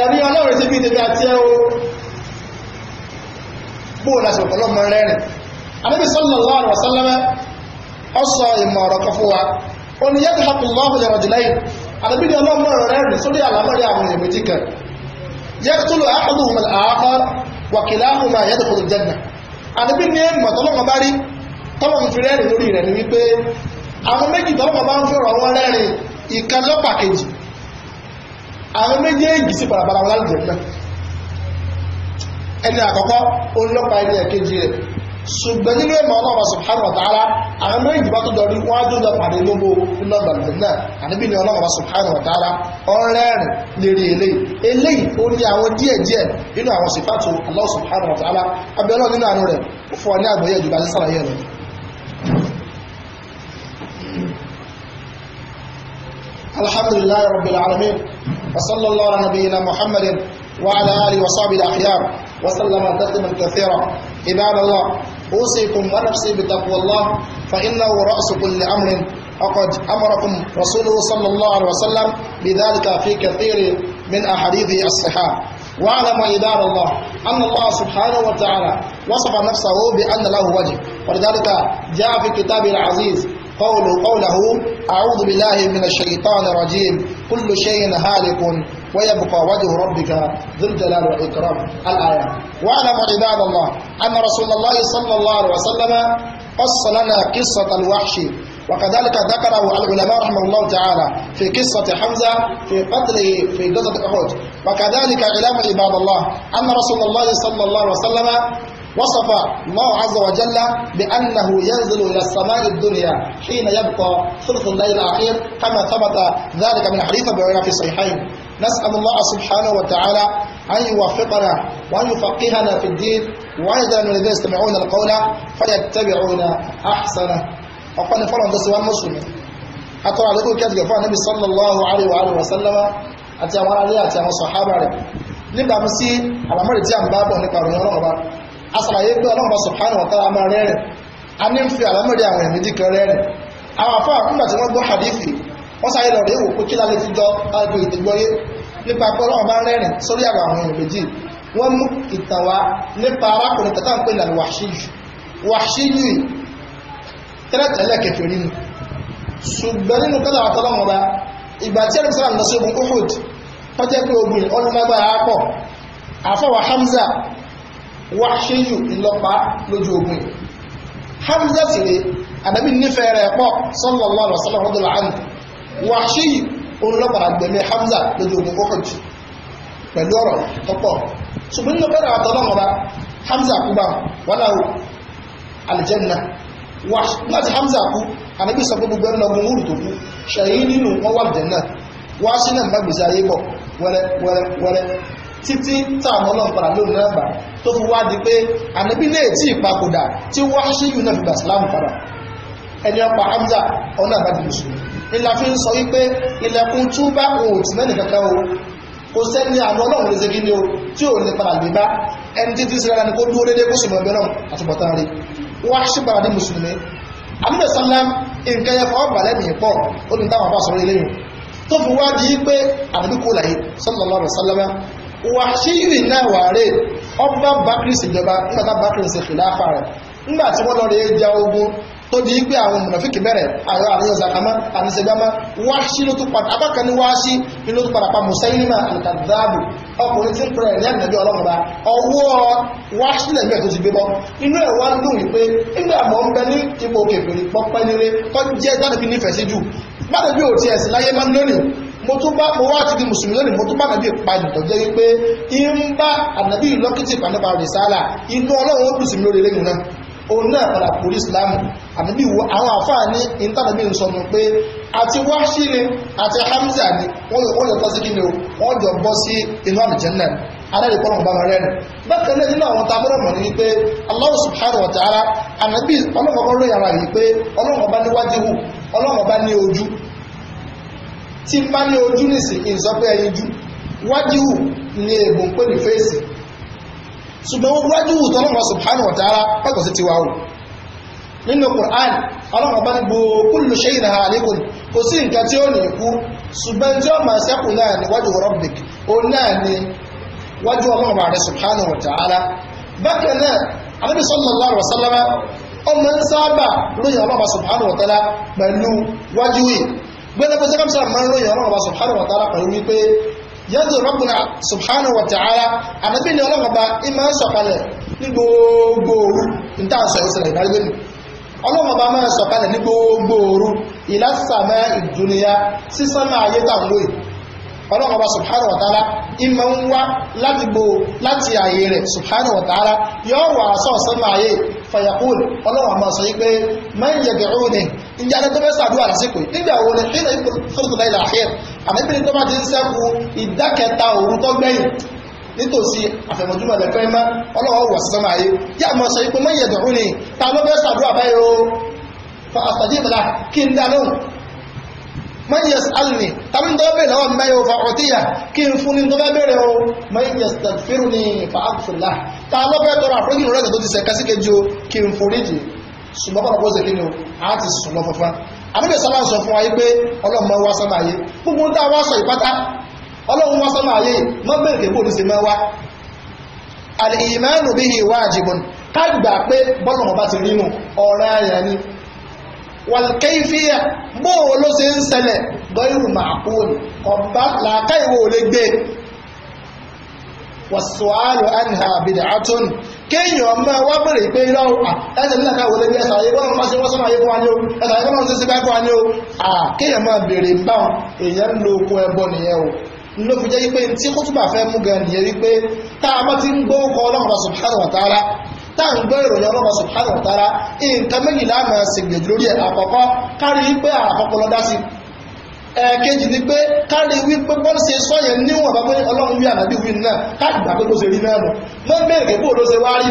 ẹ̀rí ọlọ́run ti bí tèmi àti ẹ o bóò la sọ̀rọ̀ ọlọ́mọ rẹ́rìn anábì sallallahu alaihi wasallam ọ sọ ìmọ̀ ọ̀rọ̀ kan fún wa ó ní yẹ́dì hapun lọ́hùn lẹ́rọ̀ jù lẹ́yìn anábì ní ọlọ́mọ rẹ́rìn sórí àlámọ́rí àwọn èèyàn méjì kan yaqtulu ahaduhum al-akhar wa kilahuma yadkhulu al-janna anábì lọpa keji, kejì àwọn méjèèjì sí parapara wọn láti jẹ̀pẹ́ ẹni àkọ́kọ́ olọ́pàá ẹni ẹ̀kejì rẹ̀ ṣùgbọ́n nínú ìmọ̀ ọlọ́ọ̀bà subhanahu wa ta'ala àwọn méjì bá tó dọ̀rí wọ́n á dún lọ pàdé lóbo iná gbàgbé náà àníbí ni ọlọ́ọ̀bà subhanahu wa ọ̀rẹ́rìn lérí eléyìí ó ní àwọn díẹ̀ díẹ̀ nínú àwọn nínú àánú rẹ̀ ó ní sàlàyé الحمد لله رب العالمين وصلى الله على نبينا محمد وعلى آله وصحبه الأخيار وسلم تسليما كثيرا عباد الله أوصيكم ونفسي بتقوى الله فإنه رأس كل أمر وقد أمركم رسوله صلى الله عليه وسلم بذلك في كثير من أحاديث الصحاح واعلم عباد الله ان الله سبحانه وتعالى وصف نفسه بان له وجه ولذلك جاء في كتابه العزيز قوله, قوله أعوذ بالله من الشيطان الرجيم كل شيء هالك ويبقى وجه ربك ذو الجلال والإكرام الآية واعلم عباد الله أن رسول الله صلى الله عليه وسلم قص لنا قصة الوحش وكذلك ذكره العلماء رحمه الله تعالى في قصة حمزة في قتله في قصة أحد وكذلك علام عباد الله أن رسول الله صلى الله عليه وسلم وصف الله عز وجل بأنه ينزل إلى السماء الدنيا حين يبقى ثلث الليل الأخير كما ثبت ذلك من حديث أبي في الصحيحين نسأل الله سبحانه وتعالى أن يوفقنا وأن يفقهنا في الدين وأن من الذين يستمعون القول فيتبعون أحسنه وقال فلان ده سؤال مسلم أترى لكم كذب فعل النبي صلى الله عليه وآله وسلم أتى وعلى أتى وصحابه nígbà mú sí àlámọ̀rí tí a ń bá bọ̀ asàlàyé pé ọlọ́run bá subhanahu wa ta'ala máa rẹ́rìn a ní ń fi àlámọ̀rí àwọn èèyàn méjì kan rẹ́rìn àwọn afọ àkúngbà tí wọ́n gbọ́ hadithi wọ́n sáré lọ rèé wò pé kí lálẹ́ ti jọ agbo ìdígbọ́yé nípa pé ọlọ́run bá ń rẹ́rìn sórí àwọn àwọn èèyàn méjì wọ́n mú ìtàn wá nípa arákùnrin tata ń pè ní àlùwàṣíyù wàṣíyù tẹ́lẹ̀tẹ́lẹ̀ kẹfẹ́ wá ṣéyù ńlọpa lójú ogun hamza sì rè ànábì nífẹ̀ẹ́ rẹ̀ pọ̀ sallallahu alaihi wasallam ọdún láàánú wá ṣéyù olùlọ́pàá gbẹ̀mí hamza lójú ogun kọ́kọ̀jù pẹ̀lú ọ̀rọ̀ tọ́pọ̀ ṣùgbọ́n nínú bẹ́rẹ̀ àtọ́lọ́mọba hamza kú bá wọn náà aljanna láti hamza kú ànábì sọ pé gbogbo ẹnu ọgbọ̀n wúrù tó kú ṣẹ̀yìn nínú wọn wà aljanna wá sí náà títí táwọn ọlọ́run padà lóòrùn náà gbà tó fi wá di pé ànábì náà tí ìpapòdà tí wáṣíyù náà fi gbà sílámù padà ẹni ọpa Hamza ọ̀nà àbájú mùsùlùmí ilà fi ń sọ wípé ilẹ̀kùn túbá òun ti mẹ́nì kankan o kò sẹ́ni àwọn ọlọ́run lè segin ní o tí ò lè padà lè bá ẹni títí sílára ni kó dúró dédé kó sì mọ̀ ẹgbẹ́ náà àtúbọ̀tán rí wáṣí padà ní wàṣíìrì náà wà rè ọba bakri ṣèjọba nígbà tá bakri ṣe fìlàfà rẹ̀ nígbà tí wọ́n lọ rẹ̀ ja ogun tó di pé àwọn mùnàfíkì bẹ̀rẹ̀ àwọn àríyàn zakama àníṣẹ́gbámá wáṣí ló tún padà abákan ní wáṣí ní ló tún padà pa Musailima al-Kadhdhab ọkùnrin tí ń pẹ̀rẹ̀ ní àdìdàbí ọlọ́mọba ọwọ́ wáṣí lẹ́gbẹ̀ẹ́ tó ti gbé bọ́ inú ẹ̀ wá ń dùn wípé nígbà mọ̀ ń bẹ ní ipò kèfèrè pọ́pẹ́ nílé tó jẹ́ dáadáa fi nífẹ̀ẹ́ sí jù bá mo tún bá mo wá ti di mùsùlùmí lónìí mo tún bá nàbí ìpàdé tó jẹ́ wípé ń bá ànàbí ìlọ́kìtì ìpàdébà rẹ̀ inú ọlọ́run ó dùn sí lórí lẹ́yìn náà òun náà padà ìsìlámù ànàbí àwọn àfáà ní pé àti wáṣí ni àti hamza ni wọ́n tọ́ sí o wọ́n jọ bọ́ sí inú àlùjánnà kọ́nà àwọn mọ̀ ní wípé subhanahu wa ta'ala tí n bá ní ojú nìsín n sọ pé ẹyin jú wájú ni èbò ń pè ní fèsì ṣùgbọ́n wájú tọ́lọ́mọ subhanahu wa ta'ala sí tiwa o nínú Qur'an ọlọ́mọ bá ní gbogbo kullu shay'in halikun kò sí nǹkan tí ó ní ọ ṣùgbọ́n tí ó máa ṣẹ́kù náà wájú ó náà wájú ọlọ́mọ subhanahu wa ta'ala bákan náà ọmọ ń sábà ọlọ́mọ subhanahu wa ta'ala pẹ̀lú gbẹ́nà pé sẹ́kọ̀mísà máa ń ròyìn ọlọ́run ọba subhanahu wa ta'ala pẹ̀lú wípé yẹ́dùn rọ́bùnà subhanahu wa ta'ala ànábì ni ọlọ́run ọba ìmọ̀ ń sọ̀kalẹ̀ ní gbogbo òru níta àṣà ìṣẹ̀lẹ̀ ìdárígbé nù ọlọ́run ọba máa ń sọ̀kalẹ̀ ní gbogbo tà ń ọlọ́run ọba subhanahu wa ta'ala ìmọ̀ ń wá láti ààyè rẹ̀ subhanahu wa ta'ala ọlọ́run ọba sọ yí pé ìjà tó fẹ́ sàdúrà lásìkò nígbà wo ni nínú ìfòsòtò láìlà àhẹ́ẹ̀ àmẹ́bìnrin tó bá ti ń sẹ́kù ìdá kẹta òru tó gbẹ̀yìn nítòsí àfẹ̀mọ̀júmọ̀ lẹ́fẹ́ mọ́ ọlọ́wọ́ wà sí sọ́mà ayé yá mọ̀ sọ ipò mẹ́yẹ̀ dọ̀rún ni ta ló fẹ́ sàdúrà báyìí o fa àfàdíbìlà kí n dáná mẹ́yẹ̀ alìní tàbí tó bèèrè lọ́wọ́ mẹ́yẹ̀ fa ọ̀tíyà kí n fún ní tó bẹ́ bèèrè o mẹ́yẹ̀ stagfiru ni fa àkùfìlà ta ló fẹ́ tọrọ àforíjì rẹ̀ tó ti sẹ̀kásíkejì o kí n foríjì ṣùgbọ́n kọ́nà kí ni a ti sùn fọfá àbíbẹ̀ sábà sọ fún ayé pé ọlọ́run wá sọ́mà ayé gbogbo dá wá sọ ìpátá ọlọ́run wá sọ́mà ayé mọ́ bẹ̀rẹ̀ bó bihi wajibun ká gbà pé bọ́lọ̀mọ̀ bá ti rínú ọ̀rẹ́ àyà ni bó o ló ṣe ń làákà ìwò lè gbé wàsùwàlù kéèyàn máa wá bèrè pé irọ́ ẹsẹ̀ nílẹ̀ káwọ́ lẹ́bí ẹsẹ̀ ayé bọ́lá máa ṣe wọ́n sọ́nà ayé fún wa ní o ẹsẹ̀ ayé bọ́lá ń ṣe sí bá fún wa ní o kéèyàn máa bèrè báwọn èèyàn ń lo okun ẹbọ nìyẹn o ló fi jẹ́ wípé tí kó túbà fẹ́ mú gan nìyẹn wípé tá a bá ti ń gbọ́ ọkọ̀ ọlọ́mọba subhanahu wa ta'ala tá à ń gbọ́ ìròyìn ọlọ́mọba subhanahu wa ta'ala nǹkan méjì láàmú ẹsẹ̀ gbèjú lórí ẹ̀ àkọ́kọ́ kárí wípé àkọ́kọ́ lọ dá sí ẹ̀ẹ̀kejì ni pé kárí wípé wọ́n ṣe sọ́yẹ̀ níwọ̀n bá pé ọlọ́run wí ànábì wí náà káàkiri àgbẹ̀ bó ṣe rí náà nù mọ́ bẹ́ẹ̀ kẹ́kọ̀ọ́ wá rí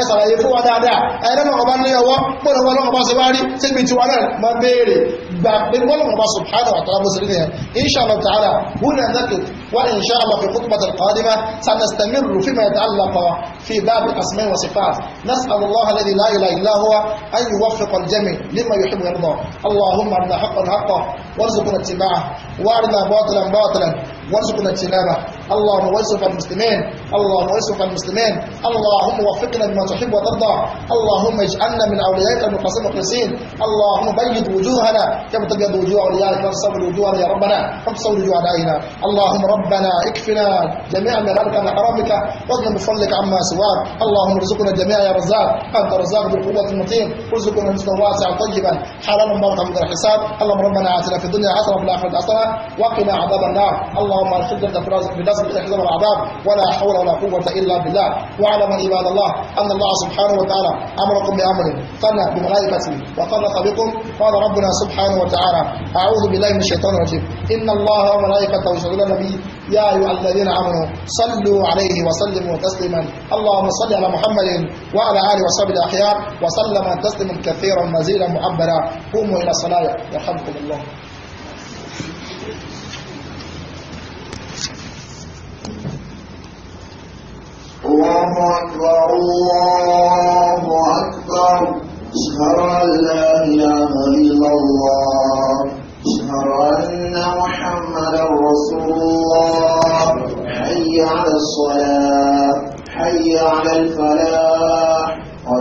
ẹ ṣàlàyé fún wa dáadáa ẹ̀rẹ́ lọ́kọ̀ọ́bá ní ọwọ́ pọ̀lọ́ wọn lọ́kọ̀ọ́bá ṣe wá rí síbi tí wọn náà mọ béèrè gbà pé wọn lọ́kọ̀ọ́bá subhanahu wa ta'ala bó ṣe rí nìyẹn inshallah ta'ala húnà nàkì wọn inshallah fi khutbati تحب وترضى اللهم اجعلنا من اوليائك المخلصين المخلصين اللهم بيض وجوهنا كما تبيض وجوه اوليائك وانصر وجوهنا يا ربنا وانصر وجوه اعدائنا اللهم ربنا اكفنا جميع مرارك عن حرامك واجعل بفضلك عما سواك اللهم ارزقنا جميعا يا رزاق انت رزاق ذو القوه المتين ارزقنا رزقا واسعا طيبا حلالا مباركا من الحساب اللهم ربنا اتنا في الدنيا حسنه وفي الاخره حسنه وقنا عذاب النار اللهم ارزقنا في رزق الاحزاب العذاب ولا حول ولا قوه الا بالله واعلم عباد الله ان أن الله سبحانه وتعالى أمركم بأمر قنا بملائكته وفرق بكم قال ربنا سبحانه وتعالى أعوذ بالله من الشيطان الرجيم إن الله وملائكته يصلون على النبي يا أيها الذين آمنوا صلوا عليه وسلموا تسليما اللهم صل على محمد وعلى آله وصحبه الأخيار وسلم تسليما كثيرا مزيدا معبرا قوموا إلى الصلاة يرحمكم الله الله أكبر الله أكبر أشهد أن لا إله إلا الله أشهد أن محمدا رسول الله حي على الصلاة حي على الفلاح